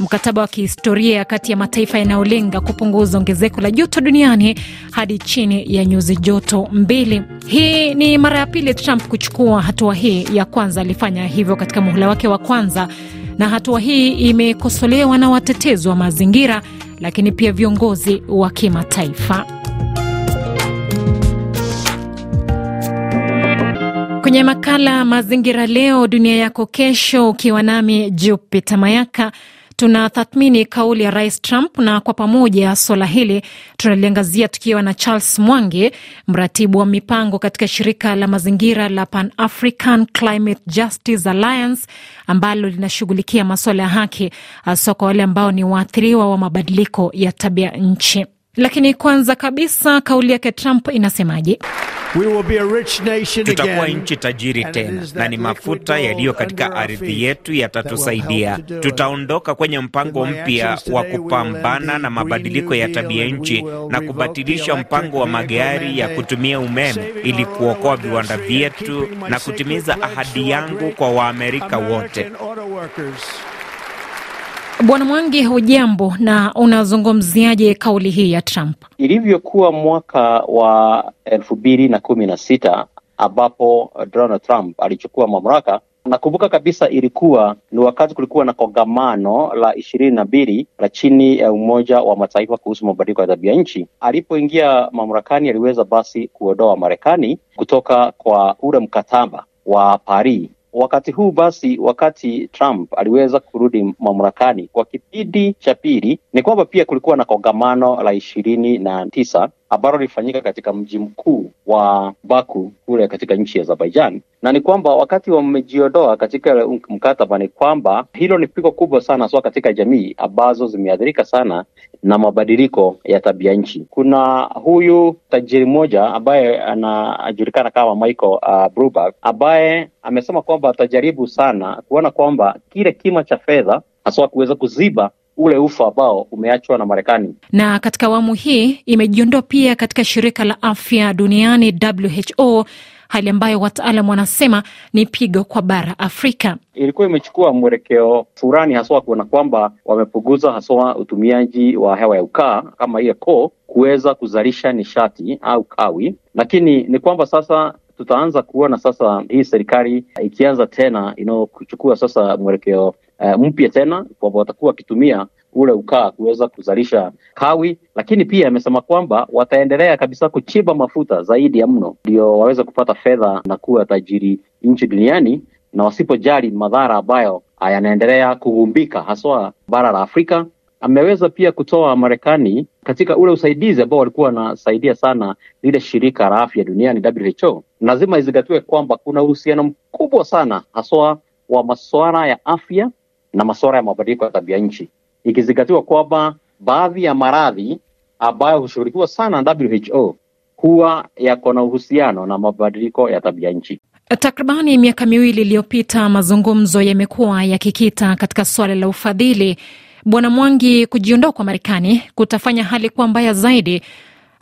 mkataba wa kihistoria kati ya mataifa yanayolenga kupunguza ongezeko la joto duniani hadi chini ya nyuzi joto mbili. Hii ni mara ya pili Trump kuchukua hatua hii. Ya kwanza alifanya hivyo katika muhula wake wa kwanza, na hatua hii imekosolewa na watetezi wa mazingira, lakini pia viongozi wa kimataifa. Kwenye makala Mazingira Leo Dunia Yako Kesho, ukiwa nami Jupita Mayaka. Tunatathmini kauli ya Rais Trump na kwa pamoja swala hili tunaliangazia tukiwa na Charles Mwangi, mratibu wa mipango katika shirika la mazingira la Pan African Climate Justice Alliance ambalo linashughulikia masuala ya haki, hasa kwa wale ambao ni waathiriwa wa mabadiliko ya tabia nchi. Lakini kwanza kabisa kauli yake Trump inasemaje? Tutakuwa nchi tajiri tena, na ni mafuta yaliyo katika ardhi yetu yatatusaidia. Tutaondoka kwenye mpango mpya wa kupambana na mabadiliko ya tabia nchi na kubatilisha mpango wa magari ya kutumia umeme ili kuokoa viwanda vyetu na kutimiza ahadi yangu kwa Waamerika wote. Bwana Mwangi, hujambo na unazungumziaje kauli hii ya Trump? Ilivyokuwa mwaka wa elfu mbili na kumi na sita ambapo Donald Trump alichukua mamlaka, nakumbuka kabisa ilikuwa ni wakati kulikuwa na kongamano la ishirini na mbili la chini ya Umoja wa Mataifa kuhusu mabadiliko ya tabia nchi. Alipoingia mamlakani, aliweza basi kuondoa Marekani kutoka kwa ule mkataba wa Paris Wakati huu basi, wakati Trump aliweza kurudi mamlakani kwa kipindi cha pili, ni kwamba pia kulikuwa na kongamano la ishirini na tisa ambalo lilifanyika katika mji mkuu wa Baku kule katika nchi ya Azerbaijan, na ni kwamba wakati wamejiondoa katika mkataba, ni kwamba hilo ni pigo kubwa sana haswa katika jamii ambazo zimeathirika sana na mabadiliko ya tabia nchi. Kuna huyu tajiri mmoja ambaye anajulikana kama Michael uh, Bloomberg ambaye amesema kwamba atajaribu sana kuona kwamba kile kima cha fedha haswa kuweza kuziba ule ufa ambao umeachwa na Marekani. Na katika awamu hii imejiondoa pia katika shirika la afya duniani WHO, hali ambayo wataalam wanasema ni pigo kwa bara Afrika. Ilikuwa imechukua mwelekeo fulani, haswa kuona kwamba wamepunguza haswa utumiaji wa hewa ya ukaa kama ile koo kuweza kuzalisha nishati au kawi, lakini ni kwamba sasa tutaanza kuona sasa hii serikali ikianza tena inayochukua sasa mwelekeo uh, mpya tena kwa watakuwa wakitumia ule ukaa kuweza kuzalisha kawi, lakini pia amesema kwamba wataendelea kabisa kuchimba mafuta zaidi ya mno, ndio waweze kupata fedha na kuwa tajiri nchi duniani, na wasipojali madhara ambayo yanaendelea kugumbika haswa bara la Afrika. Ameweza pia kutoa Marekani katika ule usaidizi ambao walikuwa wanasaidia sana lile shirika la afya duniani WHO. Lazima izingatiwe kwamba kuna uhusiano mkubwa sana haswa wa masuala ya afya na masuala ya mabadiliko ya tabia nchi, ikizingatiwa kwamba baadhi ya maradhi ambayo hushughulikiwa sana na WHO huwa yako na uhusiano na mabadiliko ya tabia nchi. Takribani miaka miwili iliyopita, mazungumzo yamekuwa yakikita katika suala la ufadhili. Bwana Mwangi, kujiondoa kwa Marekani kutafanya hali kuwa mbaya zaidi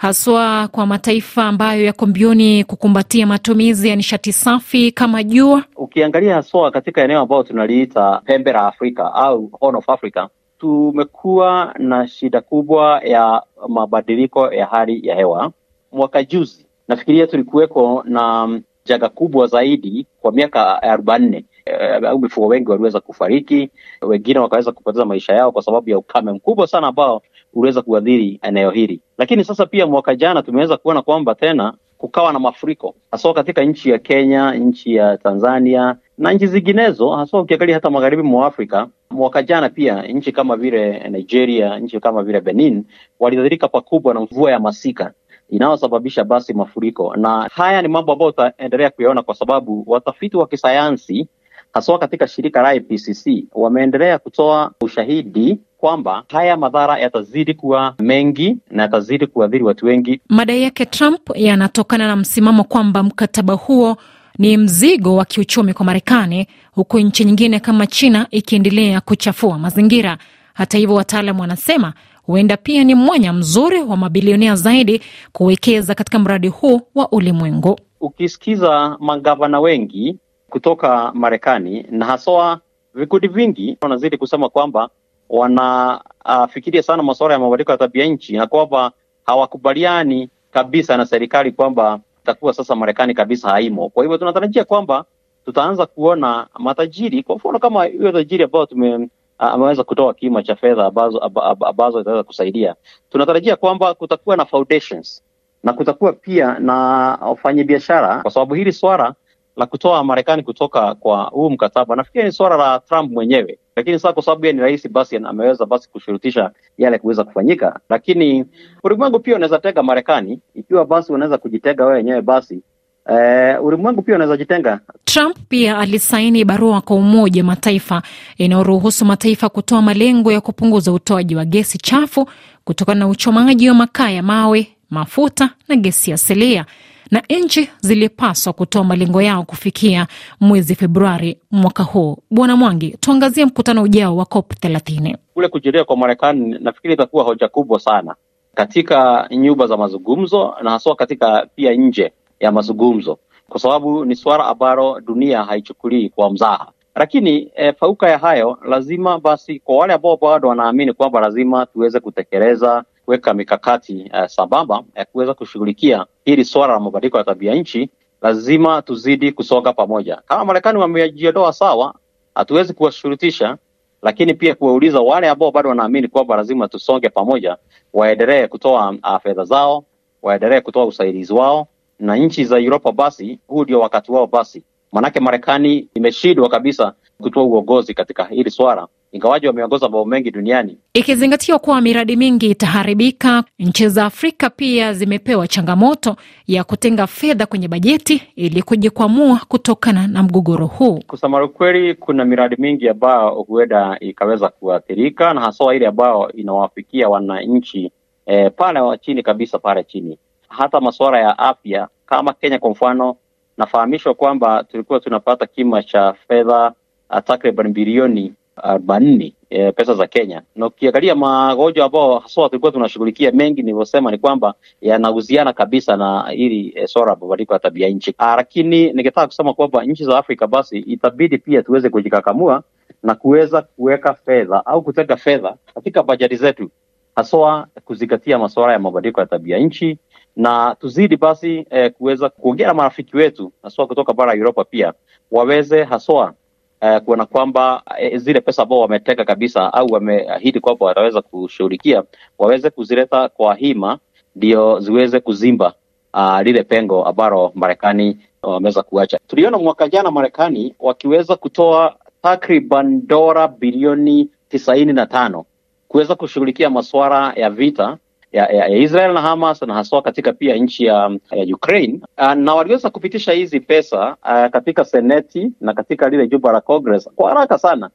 haswa kwa mataifa ambayo yako mbioni kukumbatia matumizi ya nishati safi kama jua? Ukiangalia haswa katika eneo ambayo tunaliita pembe la Afrika au Horn of Africa, tumekuwa na shida kubwa ya mabadiliko ya hali ya hewa. Mwaka juzi nafikiria tulikuweko na mm, jaga kubwa zaidi kwa miaka arobaini Eh, au mifugo wengi waliweza kufariki, wengine wakaweza kupoteza maisha yao kwa sababu ya ukame mkubwa sana ambao uliweza kuadhiri eneo hili. Lakini sasa pia mwaka jana tumeweza kuona kwamba tena kukawa na mafuriko haswa katika nchi ya Kenya, nchi ya Tanzania na nchi zinginezo, haswa ukiangalia hata magharibi mwa Afrika. Mwaka jana pia nchi kama vile Nigeria, nchi kama vile Benin waliathirika pakubwa na mvua ya masika inayosababisha basi mafuriko, na haya ni mambo ambayo utaendelea kuyaona kwa sababu watafiti wa kisayansi haswa katika shirika la IPCC wameendelea kutoa ushahidi kwamba haya madhara yatazidi kuwa mengi na yatazidi kuadhiri watu wengi. Madai yake Trump yanatokana na msimamo kwamba mkataba huo ni mzigo wa kiuchumi kwa Marekani, huku nchi nyingine kama China ikiendelea kuchafua mazingira. Hata hivyo, wataalam wanasema huenda pia ni mwanya mzuri wa mabilionea zaidi kuwekeza katika mradi huu wa ulimwengu. Ukisikiza magavana wengi kutoka Marekani na haswa vikundi vingi wanazidi kusema kwamba wanafikiria uh, sana masuala ya mabadiliko ya tabia nchi na kwamba hawakubaliani kabisa na serikali kwamba itakuwa sasa Marekani kabisa haimo. Kwa hivyo tunatarajia kwamba tutaanza kuona matajiri, kwa mfano kama hiyo tajiri ambayo tume ameweza kutoa kima cha fedha ambazo ambazo itaweza kusaidia. Tunatarajia kwamba kutakuwa na foundations na kutakuwa pia na wafanyabiashara, kwa sababu hili swala la kutoa Marekani kutoka kwa huu mkataba, nafikiri ni swala la Trump mwenyewe, lakini sasa kwa sababu yeye ni rais, basi ameweza basi kushurutisha yale kuweza kufanyika, lakini ulimwengu pia unaweza tega Marekani ikiwa basi unaweza kujitega wewe wenyewe basi Uh, ulimwengu pia unaweza jitenga. Trump pia alisaini barua kwa Umoja Mataifa inayoruhusu mataifa kutoa malengo ya kupunguza utoaji wa gesi chafu kutokana na uchomaji wa makaa ya mawe, mafuta na gesi asilia na nchi zilipaswa kutoa malengo yao kufikia mwezi Februari mwaka huu. Bwana Mwangi, tuangazie mkutano ujao wa COP thelathini. Kule kujiria kwa Marekani nafikiri itakuwa hoja kubwa sana katika nyumba za mazungumzo na haswa katika pia nje ya mazungumzo, kwa sababu ni suala ambalo dunia haichukulii kwa mzaha. Lakini e, fauka ya hayo lazima basi, kwa wale ambao bado wanaamini kwamba lazima tuweze kutekeleza kuweka mikakati uh, sambamba ya eh, kuweza kushughulikia hili swala la mabadiliko ya tabia nchi, lazima tuzidi kusonga pamoja. Kama Marekani wamejiondoa sawa, hatuwezi kuwashurutisha, lakini pia kuwauliza wale ambao bado wanaamini kwamba lazima tusonge pamoja, waendelee kutoa ah, fedha zao, waendelee kutoa usaidizi wao, na nchi za Uropa, basi huu ndio wakati wao basi, manake Marekani imeshindwa kabisa kutoa uongozi katika hili swala ingawaji wameongoza mambo mengi duniani, ikizingatiwa kuwa miradi mingi itaharibika. Nchi za Afrika pia zimepewa changamoto ya kutenga fedha kwenye bajeti ili kujikwamua kutokana na mgogoro huu. Kusema ukweli, kuna miradi mingi ambayo huenda ikaweza kuathirika na haswa ile ambayo inawafikia wananchi e, pale chini kabisa, pale chini, hata masuala ya afya. Kama Kenya kwa mfano, nafahamishwa kwamba tulikuwa tunapata kima cha fedha eh, takriban bilioni arobaini e, pesa za Kenya. Na ukiangalia magonjwa ambao haswa tulikuwa tunashughulikia mengi, nilivyosema ni kwamba yanahusiana kabisa na ili e, swala mabadiliko ya tabia nchi, ah, lakini nikitaka kusema kwamba nchi za Afrika basi itabidi pia tuweze kujikakamua na kuweza kuweka fedha au kutega fedha katika bajeti zetu haswa kuzingatia masuala ya mabadiliko ya tabia nchi na tuzidi basi eh, kuweza kuongea na marafiki wetu haswa kutoka bara ya Uropa pia waweze haswa eh, kuona kwamba eh, zile pesa ambao wameteka kabisa au wameahidi kwamba wataweza kushughulikia waweze kuzileta kwa hima, ndio ziweze kuzimba uh, lile pengo ambalo Marekani wameweza uh, kuacha. Tuliona mwaka jana Marekani wakiweza kutoa takriban dola bilioni tisaini na tano kuweza kushughulikia masuara ya vita ya, ya, ya Israel na Hamas na haswa katika pia nchi ya, ya Ukraine uh, na waliweza kupitisha hizi pesa uh, katika seneti na katika lile jumba la Congress kwa haraka sana,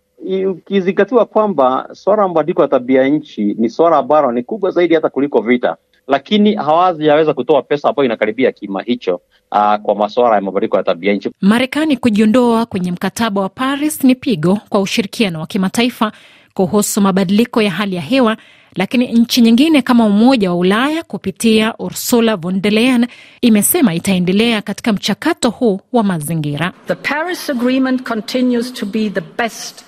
ukizingatiwa kwamba swala ya mabadiliko ya tabia nchi ni swala ambalo ni kubwa zaidi hata kuliko vita, lakini hawajaweza kutoa pesa ambayo inakaribia kima hicho uh, kwa masuala ya mabadiliko ya tabia nchi. Marekani kujiondoa kwenye mkataba wa Paris ni pigo kwa ushirikiano wa kimataifa kuhusu mabadiliko ya hali ya hewa lakini nchi nyingine kama Umoja wa Ulaya kupitia Ursula von der Leyen imesema itaendelea katika mchakato huu wa mazingira. The Paris Agreement continues to be the best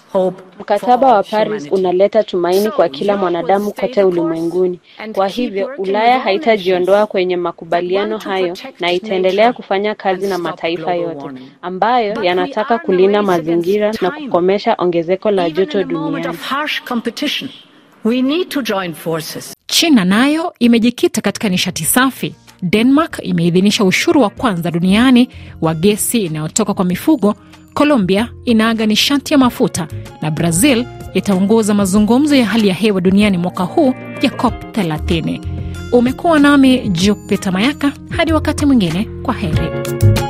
Mkataba wa Paris unaleta tumaini kwa kila mwanadamu kote ulimwenguni. Kwa hivyo, Ulaya haitajiondoa kwenye makubaliano hayo na itaendelea kufanya kazi na mataifa yote ambayo yanataka kulinda mazingira na kukomesha ongezeko la joto duniani. We need to join forces. China nayo imejikita katika nishati safi. Denmark imeidhinisha ushuru wa kwanza duniani wa gesi inayotoka kwa mifugo. Colombia inaaga nishati ya mafuta na Brazil itaongoza mazungumzo ya hali ya hewa duniani mwaka huu ya COP 30. Umekuwa nami Jupita Mayaka, hadi wakati mwingine, kwa heri.